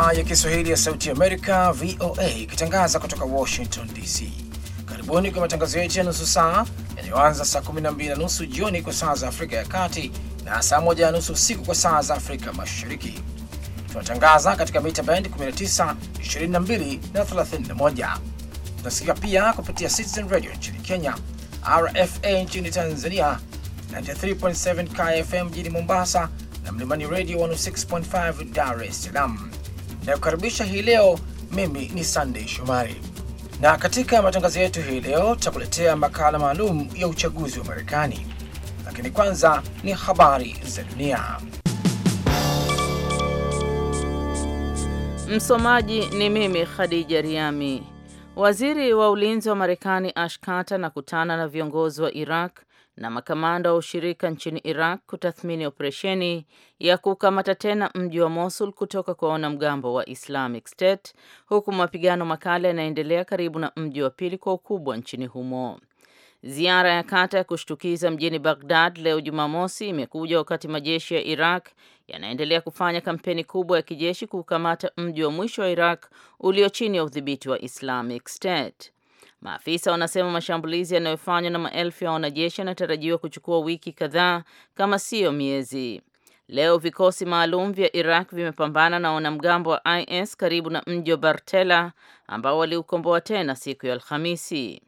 idhaa ya Kiswahili ya Sauti Amerika, VOA, ikitangaza kutoka Washington DC. Karibuni kwa matangazo yetu ya nusu saa yanayoanza saa 12 na nusu jioni kwa saa za Afrika ya Kati na saa 1 na nusu usiku kwa saa za Afrika Mashariki. Tunatangaza katika mita band 19, 22 na 31. Tunasikika pia kupitia Citizen Radio nchini Kenya, RFA nchini Tanzania, 93.7 KFM mjini Mombasa na Mlimani Radio 106.5 Dar es Salaam inayokaribisha hii leo. Mimi ni Sunday Shomari, na katika matangazo yetu hii leo tutakuletea makala maalum ya uchaguzi wa Marekani, lakini kwanza ni habari za dunia. Msomaji ni mimi Khadija Riami. Waziri wa ulinzi wa Marekani Ash Carter anakutana na viongozi wa Iraq na makamanda wa ushirika nchini Iraq kutathmini operesheni ya kukamata tena mji wa Mosul kutoka kwa wanamgambo wa Islamic State huku mapigano makali yanaendelea karibu na mji wa pili kwa ukubwa nchini humo. Ziara ya kata ya kushtukiza mjini Baghdad leo Jumamosi imekuja wakati majeshi ya Iraq yanaendelea kufanya kampeni kubwa ya kijeshi kuukamata mji wa mwisho wa Iraq ulio chini ya udhibiti wa Islamic State. Maafisa wanasema mashambulizi yanayofanywa na maelfu ya wanajeshi yanatarajiwa kuchukua wiki kadhaa kama siyo miezi. Leo vikosi maalum vya Iraq vimepambana na wanamgambo wa IS karibu na mji wa bartela ambao waliukomboa tena siku ya Alhamisi.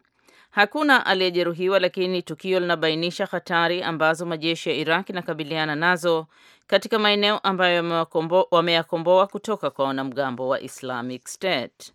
Hakuna aliyejeruhiwa, lakini tukio linabainisha hatari ambazo majeshi ya Iraq inakabiliana nazo katika maeneo ambayo wameyakomboa kutoka kwa wanamgambo wa Islamic State.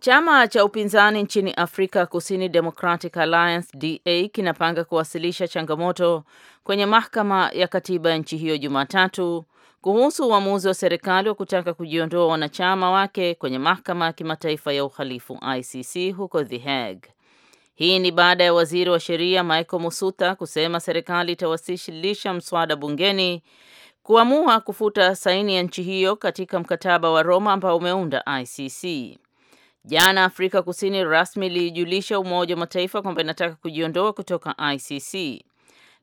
Chama cha upinzani nchini Afrika Kusini, Democratic Alliance DA, kinapanga kuwasilisha changamoto kwenye mahakama ya katiba ya nchi hiyo Jumatatu kuhusu uamuzi wa serikali wa kutaka kujiondoa wanachama wake kwenye mahakama ya kimataifa ya uhalifu ICC huko The Hague. Hii ni baada ya waziri wa sheria Michael Musuta kusema serikali itawasilisha mswada bungeni kuamua kufuta saini ya nchi hiyo katika mkataba wa Roma ambao umeunda ICC. Jana Afrika Kusini rasmi ilijulisha Umoja wa Mataifa kwamba inataka kujiondoa kutoka ICC,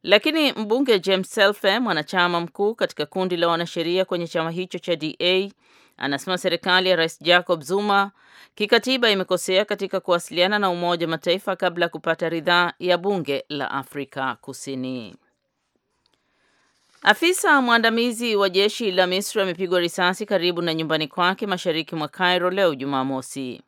lakini mbunge James Selfe, mwanachama mkuu katika kundi la wanasheria kwenye chama hicho cha DA, anasema serikali ya Rais Jacob Zuma kikatiba imekosea katika kuwasiliana na Umoja wa Mataifa kabla ya kupata ridhaa ya bunge la Afrika Kusini. Afisa mwandamizi wa jeshi la Misri amepigwa risasi karibu na nyumbani kwake mashariki mwa Cairo leo Jumamosi.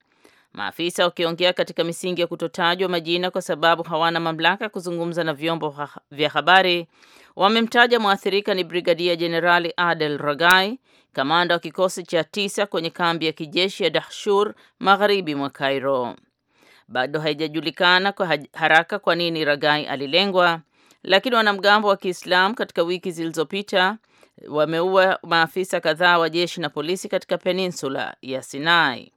Maafisa wakiongea katika misingi ya kutotajwa majina kwa sababu hawana mamlaka ya kuzungumza na vyombo ha vya habari, wamemtaja mwathirika ni Brigadia Jenerali Adel Ragai, kamanda wa kikosi cha tisa kwenye kambi ya kijeshi ya Dahshur magharibi mwa Cairo. Bado haijajulikana kwa haraka kwa nini Ragai alilengwa, lakini wanamgambo wa Kiislamu katika wiki zilizopita wameua maafisa kadhaa wa jeshi na polisi katika peninsula ya Sinai.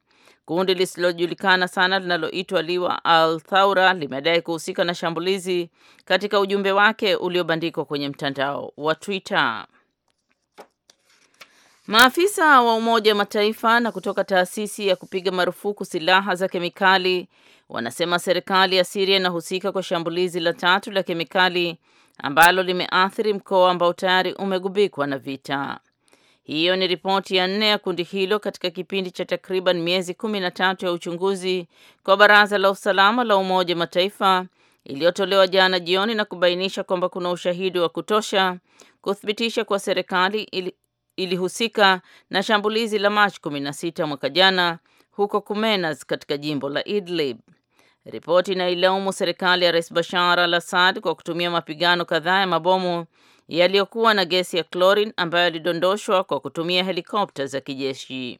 Kundi lisilojulikana sana linaloitwa Liwa al Thaura limedai kuhusika na shambulizi katika ujumbe wake uliobandikwa kwenye mtandao wa Twitter. Maafisa wa Umoja wa Mataifa na kutoka taasisi ya kupiga marufuku silaha za kemikali wanasema serikali ya Siria inahusika kwa shambulizi la tatu la kemikali ambalo limeathiri mkoa ambao tayari umegubikwa na vita. Hiyo ni ripoti ya nne ya kundi hilo katika kipindi cha takriban miezi kumi na tatu ya uchunguzi kwa Baraza la Usalama la Umoja wa Mataifa iliyotolewa jana jioni na kubainisha kwamba kuna ushahidi wa kutosha kuthibitisha kuwa serikali ilihusika na shambulizi la Machi 16 mwaka jana huko Kumenas katika jimbo la Idlib. Ripoti inailaumu serikali ya Rais Bashar al-Assad kwa kutumia mapigano kadhaa ya mabomu yaliyokuwa na gesi ya chlorine ambayo yalidondoshwa kwa kutumia helikopta za kijeshi.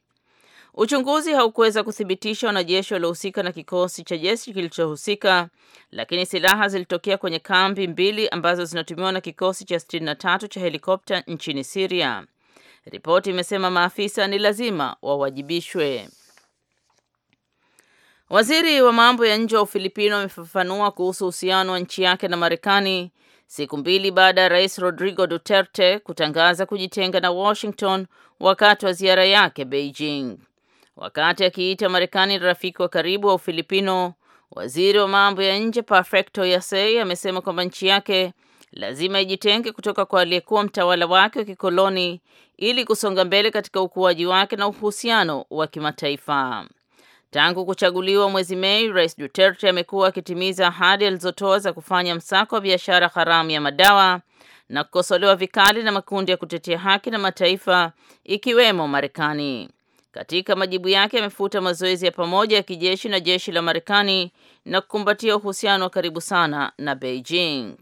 Uchunguzi haukuweza kuthibitisha wanajeshi waliohusika na kikosi cha jeshi kilichohusika, lakini silaha zilitokea kwenye kambi mbili ambazo zinatumiwa na kikosi cha 63 cha helikopta nchini Syria. Ripoti imesema maafisa ni lazima wawajibishwe. Waziri wa mambo ya nje wa Ufilipino amefafanua kuhusu uhusiano wa nchi yake na Marekani siku mbili baada ya Rais Rodrigo Duterte kutangaza kujitenga na Washington wakati wa ziara yake Beijing. Wakati akiita Marekani rafiki wa karibu wa Ufilipino, waziri wa mambo ya nje Perfecto Yasei amesema kwamba nchi yake lazima ijitenge kutoka kwa aliyekuwa mtawala wake wa kikoloni ili kusonga mbele katika ukuaji wake na uhusiano wa kimataifa. Tangu kuchaguliwa mwezi Mei, Rais Duterte amekuwa akitimiza ahadi alizotoa za kufanya msako wa biashara haramu ya madawa na kukosolewa vikali na makundi ya kutetea haki na mataifa ikiwemo Marekani. Katika majibu yake amefuta mazoezi ya pamoja ya kijeshi na jeshi la Marekani na kukumbatia uhusiano wa karibu sana na Beijing.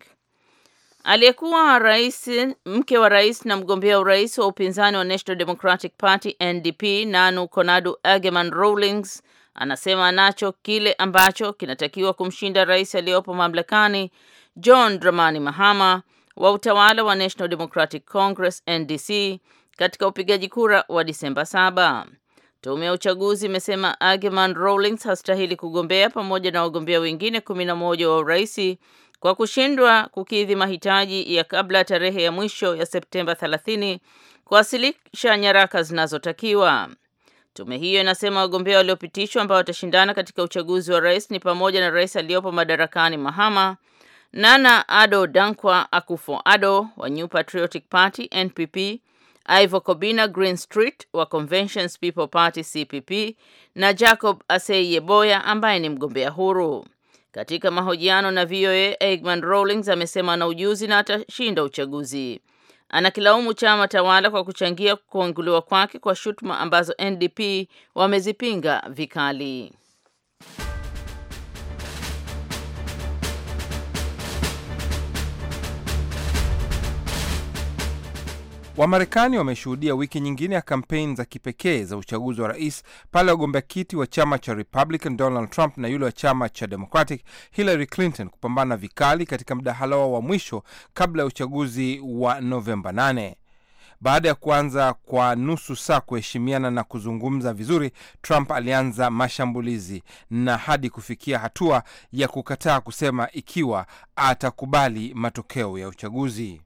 Aliyekuwa rais, mke wa rais na mgombea urais wa upinzani wa National Democratic Party NDP, Nanu Konadu Ageman Rawlings anasema anacho kile ambacho kinatakiwa kumshinda rais aliyopo mamlakani John Dramani Mahama wa utawala wa National Democratic Congress NDC katika upigaji kura wa Disemba 7. Tume ya uchaguzi imesema Ageman Rawlings hastahili kugombea pamoja na wagombea wengine 11 wa uraisi kwa kushindwa kukidhi mahitaji ya kabla tarehe ya mwisho ya Septemba 30 kuwasilisha nyaraka zinazotakiwa. Tume hiyo inasema wagombea waliopitishwa ambao watashindana katika uchaguzi wa rais ni pamoja na rais aliyopo madarakani Mahama, Nana Ado Dankwa akufo ado wa New Patriotic Party NPP, Ivo Kobina street wa Conventions People Party CPP na Jacob Asei Yeboya ambaye ni mgombea huru. Katika mahojiano na VOA, Eggman Rawlings amesema ana ujuzi na atashinda uchaguzi. Anakilaumu chama tawala kwa kuchangia kuanguliwa kwake kwa shutuma ambazo NDP wamezipinga vikali. Wamarekani wameshuhudia wiki nyingine ya kampeni za kipekee za uchaguzi wa rais pale wagombea kiti wa chama cha Republican Donald Trump na yule wa chama cha Democratic Hillary Clinton kupambana vikali katika mdahalo wao wa mwisho kabla ya uchaguzi wa Novemba 8. Baada ya kuanza kwa nusu saa kuheshimiana na kuzungumza vizuri, Trump alianza mashambulizi na hadi kufikia hatua ya kukataa kusema ikiwa atakubali matokeo ya uchaguzi.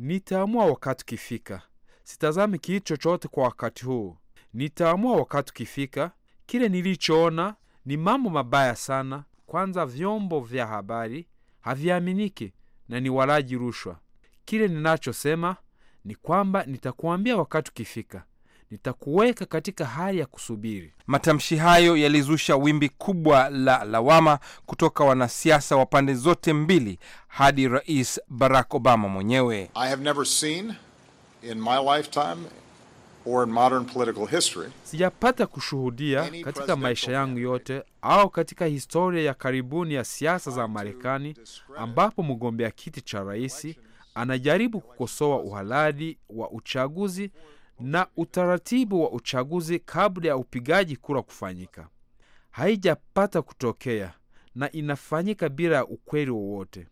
Nitaamua wakati ukifika, sitazami kitu chochote kwa wakati huu. Nitaamua wakati ukifika. Kile nilichoona ni mambo mabaya sana. Kwanza, vyombo vya habari haviaminiki na ni walaji rushwa. Kile ninachosema ni kwamba nitakuambia wakati ukifika nitakuweka katika hali ya kusubiri. Matamshi hayo yalizusha wimbi kubwa la lawama kutoka wanasiasa wa pande zote mbili hadi Rais Barack Obama mwenyewe. I have never seen in my lifetime or in modern political history, sijapata kushuhudia katika maisha yangu yote au katika historia ya karibuni ya siasa za Marekani ambapo mgombea kiti cha rais anajaribu kukosoa uhalali wa uchaguzi na utaratibu wa uchaguzi kabla ya upigaji kura kufanyika haijapata kutokea na inafanyika bila ya ukweli wowote.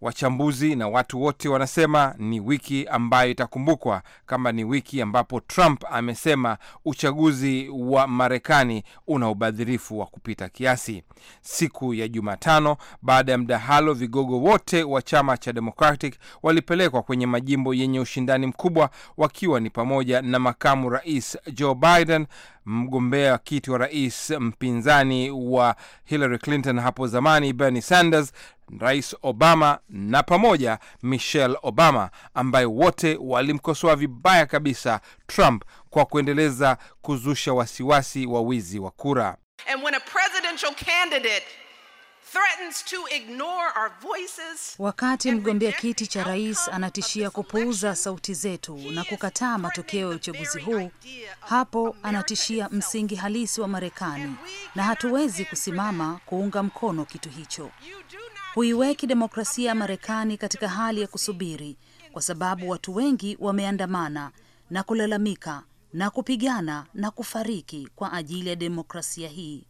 Wachambuzi na watu wote wanasema ni wiki ambayo itakumbukwa kama ni wiki ambapo Trump amesema uchaguzi wa Marekani una ubadhirifu wa kupita kiasi. Siku ya Jumatano, baada ya mdahalo, vigogo wote wa chama cha Democratic walipelekwa kwenye majimbo yenye ushindani mkubwa, wakiwa ni pamoja na makamu rais Joe Biden mgombea wa kiti wa rais mpinzani wa Hillary Clinton hapo zamani, Bernie Sanders, Rais Obama na pamoja Michelle Obama, ambaye wote walimkosoa vibaya kabisa Trump kwa kuendeleza kuzusha wasiwasi wa wizi wa kura. And when a presidential candidate To ignore our voices, wakati mgombea kiti cha rais anatishia kupuuza sauti zetu na kukataa matokeo ya uchaguzi huu, hapo anatishia msingi halisi wa Marekani, na hatuwezi kusimama kuunga mkono kitu hicho. Huiweki demokrasia ya Marekani katika hali ya kusubiri, kwa sababu watu wengi wameandamana na kulalamika na kupigana na kufariki kwa ajili ya demokrasia hii.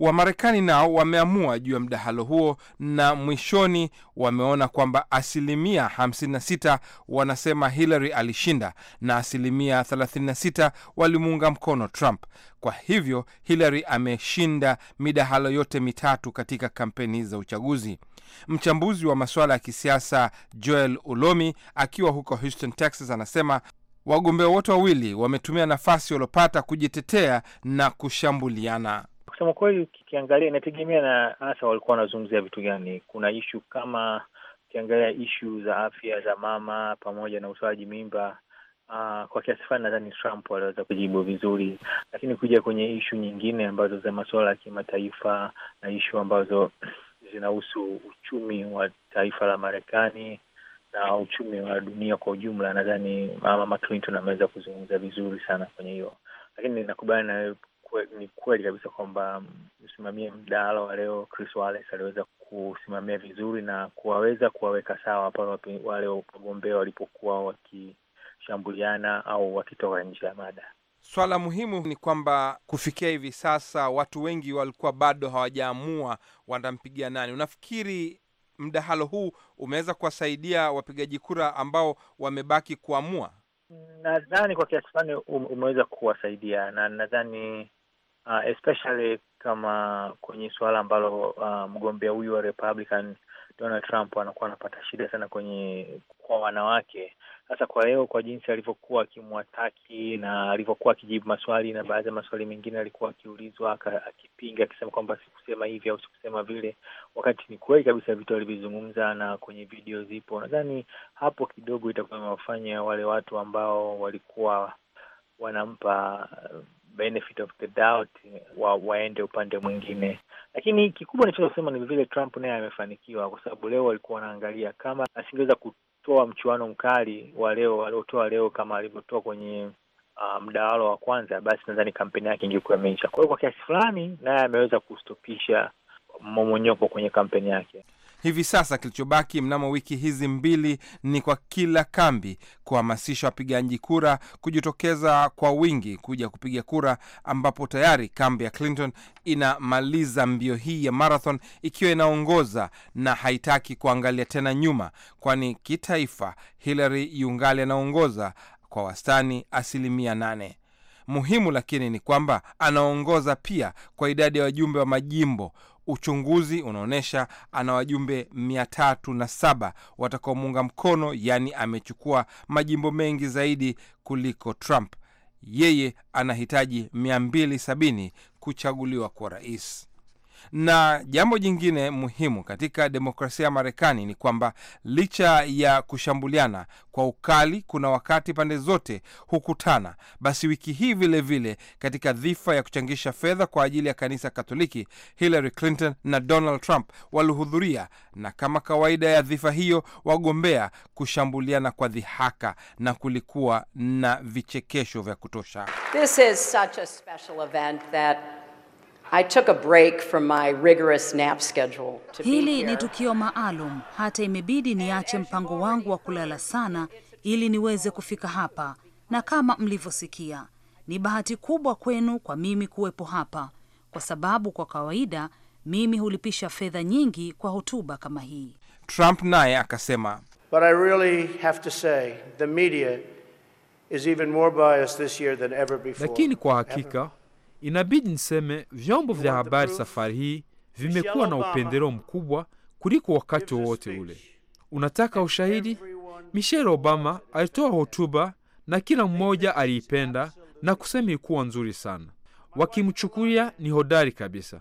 Wamarekani nao wameamua juu ya mdahalo huo, na mwishoni wameona kwamba asilimia 56 wanasema Hillary alishinda na asilimia 36 walimuunga mkono Trump. Kwa hivyo Hillary ameshinda midahalo yote mitatu katika kampeni za uchaguzi. Mchambuzi wa masuala ya kisiasa Joel Ulomi akiwa huko Houston, Texas, anasema wagombea wote wawili wametumia nafasi waliopata kujitetea na kushambuliana kusema kweli, ukiangalia inategemea na hasa walikuwa wanazungumzia vitu gani. Kuna ishu kama ukiangalia ishu za afya za mama pamoja na utoaji mimba Uh, kwa kiasi fulani nadhani Trump aliweza kujibu vizuri, lakini kuja kwenye ishu nyingine ambazo za masuala ya kimataifa na ishu ambazo zinahusu uchumi wa taifa la Marekani na uchumi wa dunia kwa ujumla, nadhani Mama Clinton ameweza kuzungumza vizuri sana kwenye hiyo, lakini nakubaliana na ni kweli kabisa kwamba msimamie mdahalo wa leo Chris Wallace aliweza kusimamia vizuri na kuwaweza kuwaweka sawa pale wale wagombea walipokuwa wakishambuliana au wakitoka nje ya mada. Swala muhimu ni kwamba kufikia hivi sasa watu wengi walikuwa bado hawajaamua wanampigia nani. Unafikiri mdahalo huu umeweza kuwasaidia wapigaji kura ambao wamebaki kuamua? Nadhani kwa kiasi fulani um-, umeweza kuwasaidia, na nadhani uh, especially kama kwenye suala ambalo uh, mgombea huyu wa Republican Donald Trump anakuwa anapata shida sana kwenye kwa wanawake. Sasa kwa leo, kwa jinsi alivyokuwa akimwataki na alivyokuwa akijibu maswali na baadhi ya maswali mengine alikuwa akiulizwa akipinga, akisema kwamba sikusema hivi au sikusema vile, wakati ni kweli kabisa vitu alivyozungumza na kwenye video zipo. Nadhani hapo kidogo itakuwa imewafanya wale watu ambao walikuwa wanampa benefit of the doubt wa, waende upande mwingine, lakini kikubwa nachoweza kusema ni vile Trump naye amefanikiwa, kwa sababu leo walikuwa wanaangalia kama asingeweza kutoa mchuano mkali wa leo aliotoa leo kama alivyotoa kwenye uh, mdawalo wa kwanza, basi nadhani kampeni yake ingekuwa imeisha. Kwa hiyo kwa kiasi fulani naye ameweza kustopisha momonyoko kwenye kampeni yake. Hivi sasa kilichobaki mnamo wiki hizi mbili ni kwa kila kambi kuhamasisha wapigaji kura kujitokeza kwa wingi kuja kupiga kura, ambapo tayari kambi ya Clinton inamaliza mbio hii ya marathon ikiwa inaongoza na haitaki kuangalia tena nyuma, kwani kitaifa Hillary yungali anaongoza kwa wastani asilimia nane. Muhimu lakini ni kwamba anaongoza pia kwa idadi ya wajumbe wa majimbo Uchunguzi unaonyesha ana wajumbe mia tatu na saba watakaomuunga mkono, yaani amechukua majimbo mengi zaidi kuliko Trump. Yeye anahitaji sabini kuchaguliwa kwa rais. Na jambo jingine muhimu katika demokrasia ya Marekani ni kwamba licha ya kushambuliana kwa ukali, kuna wakati pande zote hukutana. Basi wiki hii vilevile vile, katika dhifa ya kuchangisha fedha kwa ajili ya kanisa Katoliki, Hillary Clinton na Donald Trump walihudhuria, na kama kawaida ya dhifa hiyo, wagombea kushambuliana kwa dhihaka na kulikuwa na vichekesho vya kutosha. This is such a special event that I took a break from my rigorous nap schedule to be Hili here. Ni tukio maalum, hata imebidi niache mpango wangu wa kulala sana ili niweze kufika hapa, na kama mlivyosikia, ni bahati kubwa kwenu kwa mimi kuwepo hapa, kwa sababu kwa kawaida mimi hulipisha fedha nyingi kwa hotuba kama hii. Trump naye akasema, But I really have to say the media is even more biased this year than ever before. Lakini kwa hakika Inabidi niseme vyombo vya habari safari hii vimekuwa na upendeleo mkubwa kuliko wakati wowote ule. Unataka ushahidi? Michelle Obama alitoa hotuba na kila mmoja aliipenda na kusema ilikuwa nzuri sana, wakimchukulia ni hodari kabisa.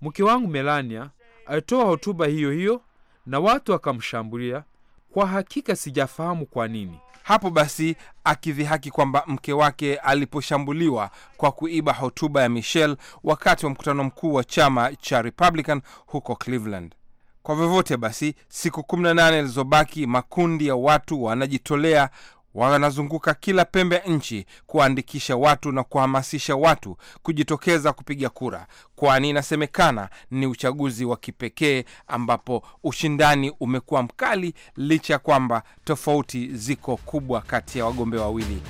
Mke wangu Melania alitoa hotuba hiyo hiyo na watu wakamshambulia. Kwa hakika sijafahamu kwa nini. Hapo basi akidhihaki kwamba mke wake aliposhambuliwa kwa kuiba hotuba ya Michelle wakati wa mkutano mkuu wa chama cha Republican huko Cleveland. Kwa vyovyote basi, siku 18 zilizobaki, makundi ya watu wanajitolea wanazunguka kila pembe ya nchi kuwaandikisha watu na kuhamasisha watu kujitokeza kupiga kura, kwani inasemekana ni uchaguzi wa kipekee ambapo ushindani umekuwa mkali licha ya kwamba tofauti ziko kubwa kati ya wagombea wawili.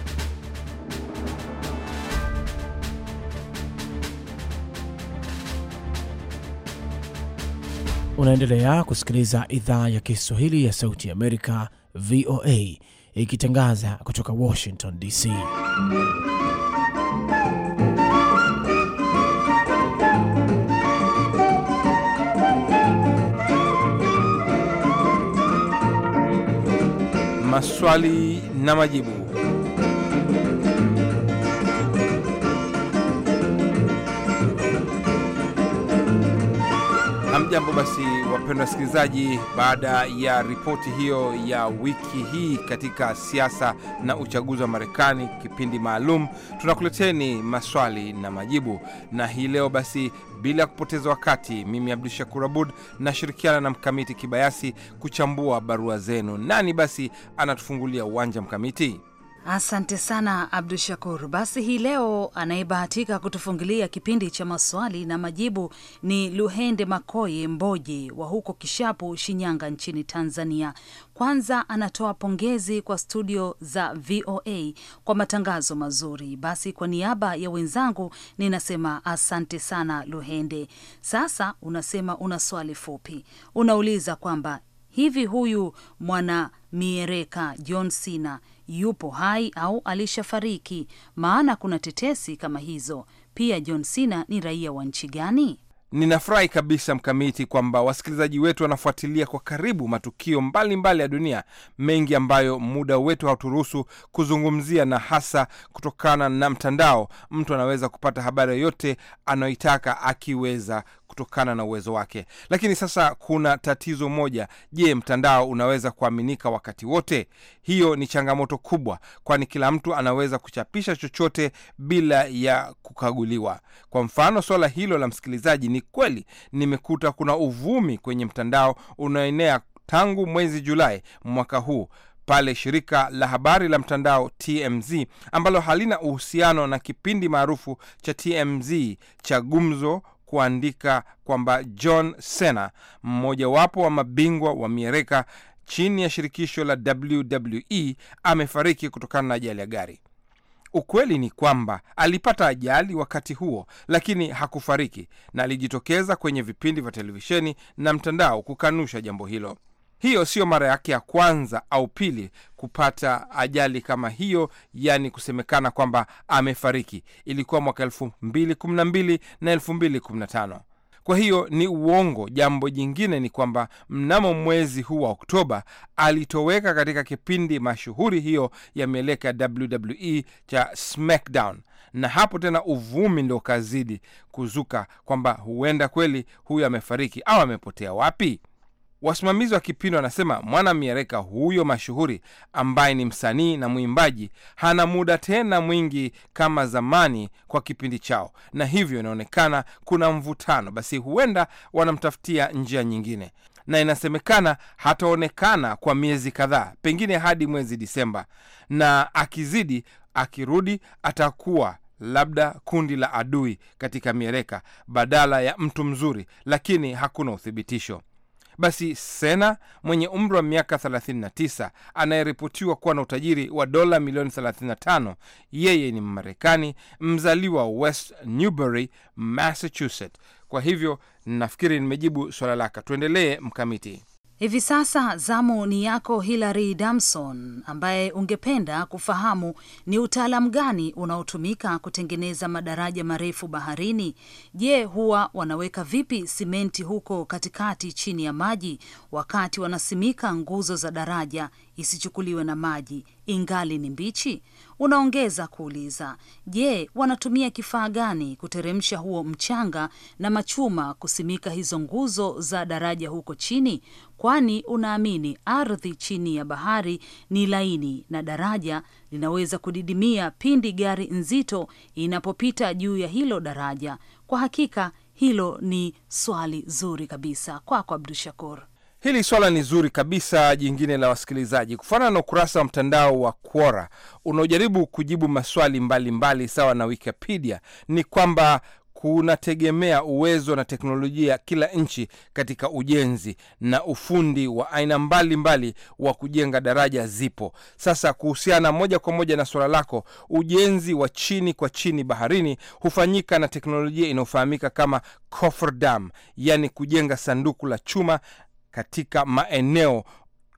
Unaendelea kusikiliza idhaa ya Kiswahili ya Sauti ya Amerika, VOA ikitangaza kutoka Washington DC. Maswali na majibu. Hamjambo basi wapendwa wasikilizaji, baada ya ripoti hiyo ya wiki hii katika siasa na uchaguzi wa Marekani, kipindi maalum tunakuleteni maswali na majibu. Na hii leo basi, bila kupoteza wakati, mimi Abdu Shakur Abud nashirikiana na Mkamiti Kibayasi kuchambua barua zenu. Nani basi anatufungulia uwanja, Mkamiti? Asante sana Abdu Shakur. Basi hii leo anayebahatika kutufungulia kipindi cha maswali na majibu ni Luhende Makoye Mboje wa huko Kishapu, Shinyanga nchini Tanzania. Kwanza anatoa pongezi kwa studio za VOA kwa matangazo mazuri. Basi kwa niaba ya wenzangu ninasema asante sana Luhende. Sasa unasema una swali fupi, unauliza kwamba hivi huyu mwana miereka John Cena yupo hai au alishafariki, maana kuna tetesi kama hizo. Pia John Cena ni raia wa nchi gani? Ninafurahi kabisa Mkamiti, kwamba wasikilizaji wetu wanafuatilia kwa karibu matukio mbalimbali mbali ya dunia, mengi ambayo muda wetu hauturuhusu kuzungumzia, na hasa kutokana na mtandao, mtu anaweza kupata habari yoyote anayoitaka akiweza kutokana na uwezo wake. Lakini sasa kuna tatizo moja. Je, mtandao unaweza kuaminika wakati wote? Hiyo ni changamoto kubwa, kwani kila mtu anaweza kuchapisha chochote bila ya kukaguliwa. Kwa mfano, suala hilo la msikilizaji, ni kweli nimekuta kuna uvumi kwenye mtandao unaoenea tangu mwezi Julai mwaka huu pale shirika la habari la mtandao TMZ ambalo halina uhusiano na kipindi maarufu cha TMZ cha gumzo kuandika kwamba John Cena, mmojawapo wa mabingwa wa miereka chini ya shirikisho la WWE, amefariki kutokana na ajali ya gari. Ukweli ni kwamba alipata ajali wakati huo, lakini hakufariki, na alijitokeza kwenye vipindi vya televisheni na mtandao kukanusha jambo hilo. Hiyo siyo mara yake ya kwanza au pili kupata ajali kama hiyo, yani kusemekana kwamba amefariki. Ilikuwa mwaka elfu mbili kumi na mbili na elfu mbili kumi na tano. Kwa hiyo ni uongo. Jambo jingine ni kwamba mnamo mwezi huu wa Oktoba alitoweka katika kipindi mashuhuri hiyo ya mieleka ya WWE cha SmackDown, na hapo tena uvumi ndo kazidi kuzuka kwamba huenda kweli huyu amefariki au amepotea wapi. Wasimamizi wa kipindi wanasema miereka huyo mashuhuri ambaye ni msanii na mwimbaji hana muda tena mwingi kama zamani kwa kipindi chao, na hivyo inaonekana kuna mvutano. Basi huenda wanamtafutia njia nyingine, na inasemekana hataonekana kwa miezi kadhaa, pengine hadi mwezi Disemba, na akizidi, akirudi atakuwa labda kundi la adui katika miereka badala ya mtu mzuri, lakini hakuna uthibitisho. Basi Sena mwenye umri wa miaka 39 anayeripotiwa kuwa na utajiri wa dola milioni 35, yeye ni Mmarekani mzaliwa West Newbury, Massachusetts. Kwa hivyo nafikiri nimejibu suala lako. Tuendelee mkamiti. Hivi sasa zamu ni yako Hilary Damson, ambaye ungependa kufahamu ni utaalamu gani unaotumika kutengeneza madaraja marefu baharini. Je, huwa wanaweka vipi simenti huko katikati chini ya maji wakati wanasimika nguzo za daraja isichukuliwe na maji ingali ni mbichi? Unaongeza kuuliza, je, wanatumia kifaa gani kuteremsha huo mchanga na machuma kusimika hizo nguzo za daraja huko chini? Kwani unaamini ardhi chini ya bahari ni laini na daraja linaweza kudidimia pindi gari nzito inapopita juu ya hilo daraja? Kwa hakika hilo ni swali zuri kabisa kwako, kwa Abdu Shakur. Hili swala ni zuri kabisa. Jingine la wasikilizaji, kufanana na ukurasa wa mtandao wa Quora unaojaribu kujibu maswali mbalimbali mbali, sawa na Wikipedia, ni kwamba kunategemea uwezo na teknolojia kila nchi katika ujenzi na ufundi wa aina mbalimbali wa kujenga daraja zipo. Sasa, kuhusiana moja kwa moja na suala lako, ujenzi wa chini kwa chini baharini hufanyika na teknolojia inayofahamika kama cofferdam, yani kujenga sanduku la chuma katika maeneo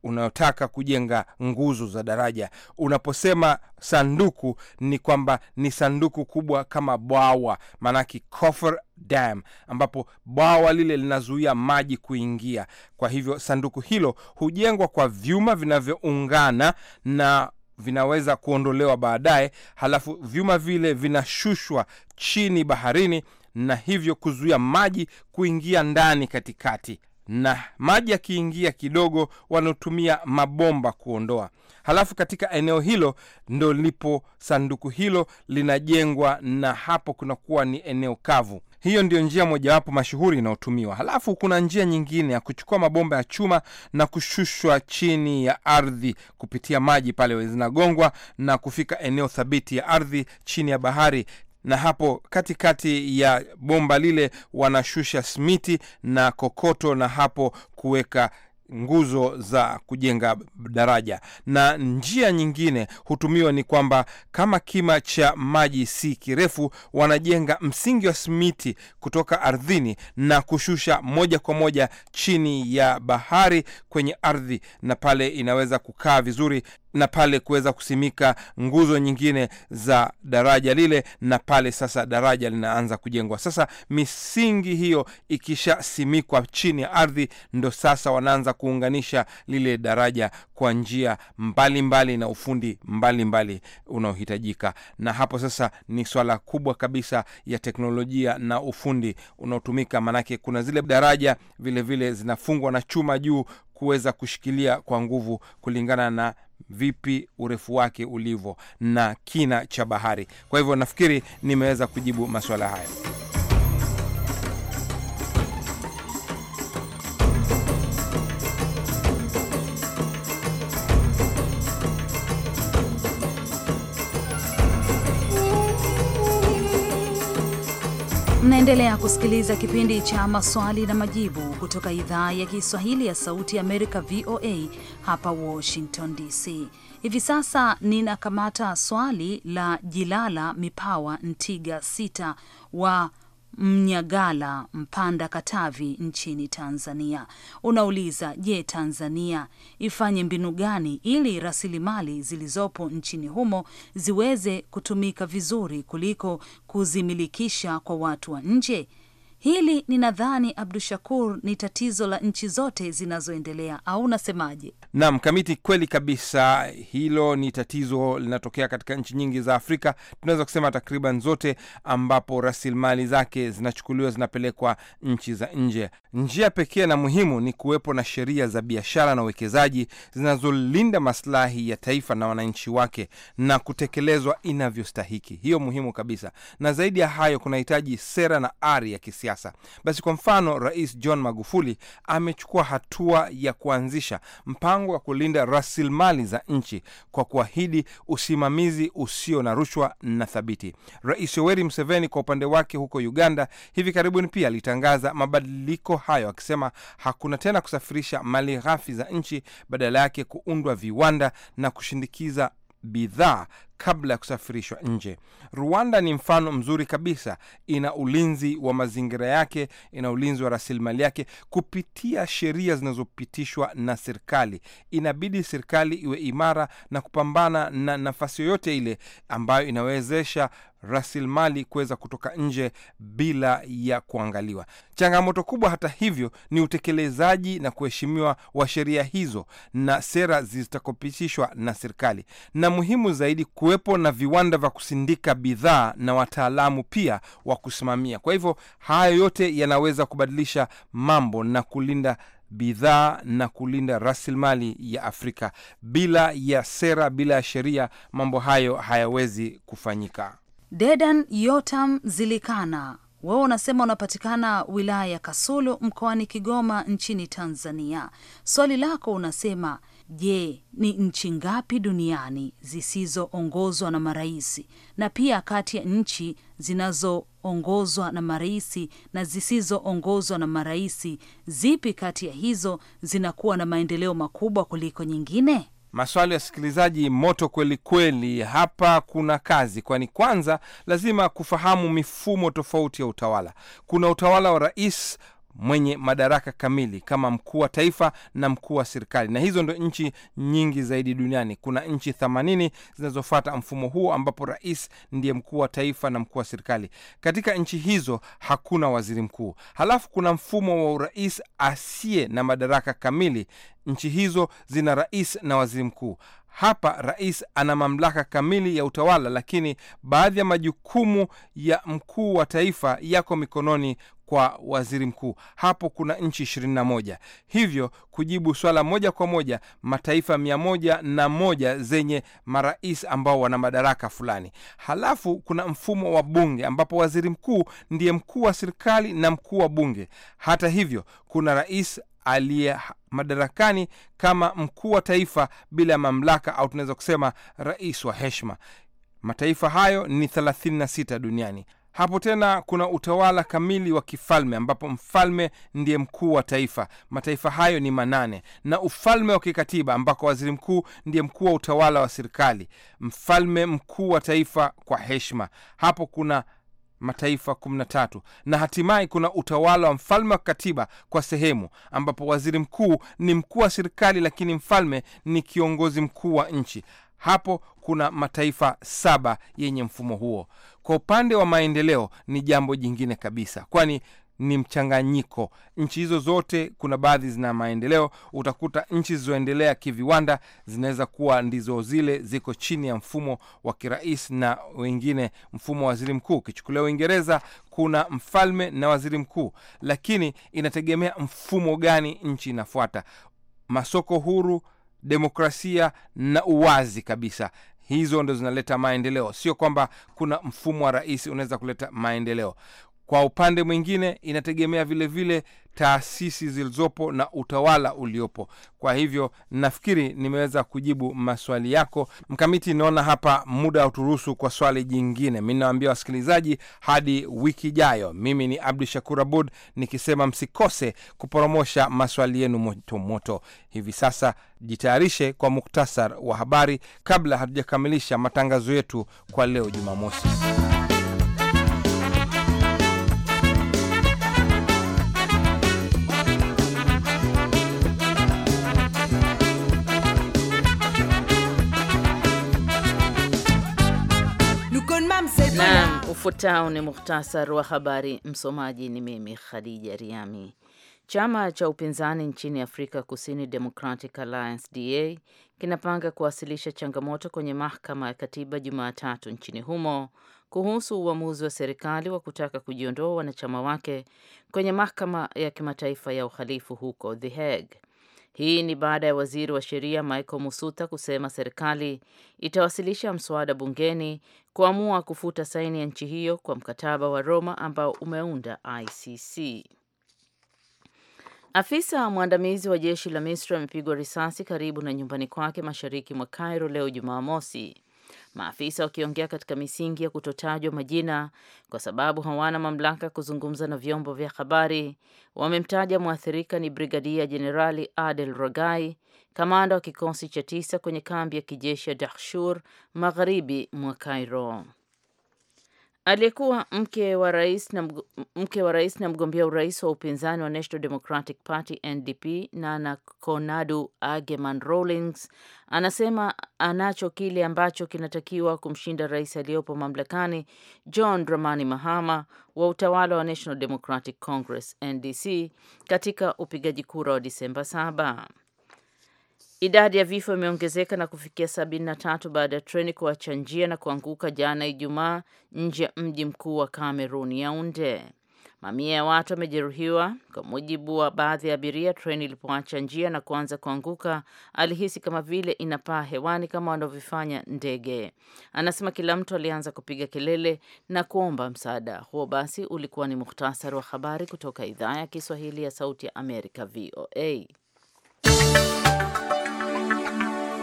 unayotaka kujenga nguzo za daraja. Unaposema sanduku, ni kwamba ni sanduku kubwa kama bwawa, maanake coffer dam, ambapo bwawa lile linazuia maji kuingia. Kwa hivyo sanduku hilo hujengwa kwa vyuma vinavyoungana na vinaweza kuondolewa baadaye, halafu vyuma vile vinashushwa chini baharini na hivyo kuzuia maji kuingia ndani katikati na maji yakiingia kidogo, wanaotumia mabomba kuondoa. Halafu katika eneo hilo ndo lipo sanduku hilo linajengwa, na hapo kunakuwa ni eneo kavu. Hiyo ndio njia mojawapo mashuhuri inayotumiwa. Halafu kuna njia nyingine ya kuchukua mabomba ya chuma na kushushwa chini ya ardhi kupitia maji pale zinagongwa na kufika eneo thabiti ya ardhi chini ya bahari na hapo katikati ya bomba lile wanashusha smiti na kokoto, na hapo kuweka nguzo za kujenga daraja. Na njia nyingine hutumiwa ni kwamba kama kima cha maji si kirefu, wanajenga msingi wa smiti kutoka ardhini na kushusha moja kwa moja chini ya bahari kwenye ardhi, na pale inaweza kukaa vizuri na pale kuweza kusimika nguzo nyingine za daraja lile, na pale sasa daraja linaanza kujengwa. Sasa misingi hiyo ikishasimikwa chini ya ardhi, ndo sasa wanaanza kuunganisha lile daraja kwa njia mbalimbali mbali na ufundi mbalimbali unaohitajika, na hapo sasa ni swala kubwa kabisa ya teknolojia na ufundi unaotumika, maanake kuna zile daraja vilevile vile zinafungwa na chuma juu kuweza kushikilia kwa nguvu kulingana na vipi urefu wake ulivyo na kina cha bahari. Kwa hivyo nafikiri nimeweza kujibu maswala haya. Mnaendelea kusikiliza kipindi cha maswali na majibu kutoka idhaa ya Kiswahili ya Sauti ya Amerika, VOA hapa Washington DC. Hivi sasa ninakamata swali la Jilala Mipawa Ntiga sita wa Mnyagala Mpanda, Katavi nchini Tanzania, unauliza je, Tanzania ifanye mbinu gani ili rasilimali zilizopo nchini humo ziweze kutumika vizuri kuliko kuzimilikisha kwa watu wa nje? Hili ninadhani Abdu Shakur, ni tatizo la nchi zote zinazoendelea au unasemaje? Naam, Kamiti, kweli kabisa, hilo ni tatizo linatokea katika nchi nyingi za Afrika, tunaweza kusema takriban zote, ambapo rasilimali zake zinachukuliwa zinapelekwa nchi za nje. Njia pekee na muhimu ni kuwepo na sheria za biashara na uwekezaji zinazolinda maslahi ya taifa na wananchi wake na kutekelezwa inavyostahiki. Hiyo muhimu kabisa, na zaidi ya hayo kunahitaji sera na ari ya kisiasa. Basi kwa mfano, Rais John Magufuli amechukua hatua ya kuanzisha mpango mpango wa kulinda rasilimali za nchi kwa kuahidi usimamizi usio na rushwa na thabiti. Rais Yoweri Museveni kwa upande wake huko Uganda hivi karibuni pia alitangaza mabadiliko hayo, akisema hakuna tena kusafirisha mali ghafi za nchi, badala yake kuundwa viwanda na kushindikiza bidhaa kabla ya kusafirishwa nje. Rwanda ni mfano mzuri kabisa, ina ulinzi wa mazingira yake, ina ulinzi wa rasilimali yake kupitia sheria zinazopitishwa na serikali. Inabidi serikali iwe imara na kupambana na nafasi yoyote ile ambayo inawezesha rasilimali kuweza kutoka nje bila ya kuangaliwa. Changamoto kubwa, hata hivyo, ni utekelezaji na kuheshimiwa wa sheria hizo na sera zitakopitishwa na serikali, na muhimu zaidi, kuwepo na viwanda vya kusindika bidhaa na wataalamu pia wa kusimamia. Kwa hivyo, hayo yote yanaweza kubadilisha mambo na kulinda bidhaa na kulinda rasilimali ya Afrika. Bila ya sera, bila ya sheria, mambo hayo hayawezi kufanyika. Dedan Yotam Zilikana, wewe unasema unapatikana wilaya ya Kasulu mkoani Kigoma nchini Tanzania. Swali lako unasema je, ni nchi ngapi duniani zisizoongozwa na maraisi na pia kati ya nchi zinazoongozwa na maraisi na zisizoongozwa na maraisi, zipi kati ya hizo zinakuwa na maendeleo makubwa kuliko nyingine? Maswali ya sikilizaji moto kweli kweli. Hapa kuna kazi, kwani kwanza lazima kufahamu mifumo tofauti ya utawala. Kuna utawala wa rais mwenye madaraka kamili kama mkuu wa taifa na mkuu wa serikali, na hizo ndo nchi nyingi zaidi duniani. Kuna nchi themanini zinazofuata mfumo huo ambapo rais ndiye mkuu wa taifa na mkuu wa serikali. Katika nchi hizo hakuna waziri mkuu. Halafu kuna mfumo wa urais asiye na madaraka kamili. Nchi hizo zina rais na waziri mkuu. Hapa rais ana mamlaka kamili ya utawala, lakini baadhi ya majukumu ya mkuu wa taifa yako mikononi kwa waziri mkuu. Hapo kuna nchi ishirini na moja. Hivyo kujibu swala moja kwa moja, mataifa mia moja na moja zenye marais ambao wana madaraka fulani. Halafu kuna mfumo wa bunge ambapo waziri mkuu ndiye mkuu wa serikali na mkuu wa bunge. Hata hivyo kuna rais aliye madarakani kama mkuu wa taifa bila mamlaka, au tunaweza kusema rais wa heshima. Mataifa hayo ni 36 duniani. Hapo tena kuna utawala kamili wa kifalme ambapo mfalme ndiye mkuu wa taifa. Mataifa hayo ni manane, na ufalme wa kikatiba ambako waziri mkuu ndiye mkuu wa utawala wa serikali, mfalme mkuu wa taifa kwa heshima. Hapo kuna mataifa kumi na hatimaye kuna utawala wa mfalme wa kikatiba kwa sehemu, ambapo waziri mkuu ni mkuu wa serikali, lakini mfalme ni kiongozi mkuu wa nchi. Hapo kuna mataifa saba yenye mfumo huo. Kwa upande wa maendeleo ni jambo jingine kabisa, kwani ni mchanganyiko. Nchi hizo zote, kuna baadhi zina maendeleo. Utakuta nchi zilizoendelea kiviwanda zinaweza kuwa ndizo zile ziko chini ya mfumo wa kirais na wengine mfumo wa waziri mkuu. Ukichukulia Uingereza, kuna mfalme na waziri mkuu, lakini inategemea mfumo gani nchi inafuata. Masoko huru, demokrasia na uwazi kabisa hizo ndo zinaleta maendeleo, sio kwamba kuna mfumo wa rais unaweza kuleta maendeleo. Kwa upande mwingine, inategemea vilevile taasisi zilizopo na utawala uliopo. Kwa hivyo nafikiri nimeweza kujibu maswali yako Mkamiti. Naona hapa muda uturuhusu kwa swali jingine. Mi nawaambia wasikilizaji hadi wiki ijayo. Mimi ni Abdu Shakur Abud nikisema msikose kuporomosha maswali yenu motomoto. Hivi sasa jitayarishe kwa muktasar wa habari kabla hatujakamilisha matangazo yetu kwa leo Jumamosi. Ufuatao ni muhtasari wa habari. Msomaji ni mimi Khadija Riami. Chama cha upinzani nchini Afrika Kusini, Democratic Alliance DA, kinapanga kuwasilisha changamoto kwenye mahakama ya katiba Jumatatu nchini humo kuhusu uamuzi wa serikali wa kutaka kujiondoa wanachama wake kwenye mahakama ya kimataifa ya uhalifu huko The Hague. Hii ni baada ya waziri wa sheria Michael Musuta kusema serikali itawasilisha mswada bungeni kuamua kufuta saini ya nchi hiyo kwa mkataba wa Roma ambao umeunda ICC. Afisa mwandamizi wa jeshi la Misri amepigwa risasi karibu na nyumbani kwake mashariki mwa Cairo leo Jumamosi, maafisa wakiongea katika misingi ya kutotajwa majina kwa sababu hawana mamlaka kuzungumza na vyombo vya habari. Wamemtaja mwathirika ni Brigadia Jenerali Adel Rogai kamanda wa kikosi cha tisa kwenye kambi ya kijeshi ya dahshur magharibi mwa Cairo. Aliyekuwa mke wa rais na mke wa rais na mgombea urais wa upinzani wa National Democratic Party NDP Nana Konadu Ageman Rawlings anasema anacho kile ambacho kinatakiwa kumshinda rais aliyopo mamlakani John Dramani Mahama wa utawala wa National Democratic Congress NDC katika upigaji kura wa Disemba saba. Idadi ya vifo imeongezeka na kufikia sabini na tatu baada ya treni kuacha njia na kuanguka jana Ijumaa nje ya mji mkuu wa Kamerun, Yaunde. Mamia ya watu wamejeruhiwa. Kwa mujibu wa baadhi ya abiria, treni ilipoacha njia na kuanza kuanguka, alihisi kama vile inapaa hewani kama wanavyofanya ndege. Anasema kila mtu alianza kupiga kelele na kuomba msaada. Huo basi ulikuwa ni muhtasari wa habari kutoka idhaa ya Kiswahili ya Sauti ya Amerika, VOA.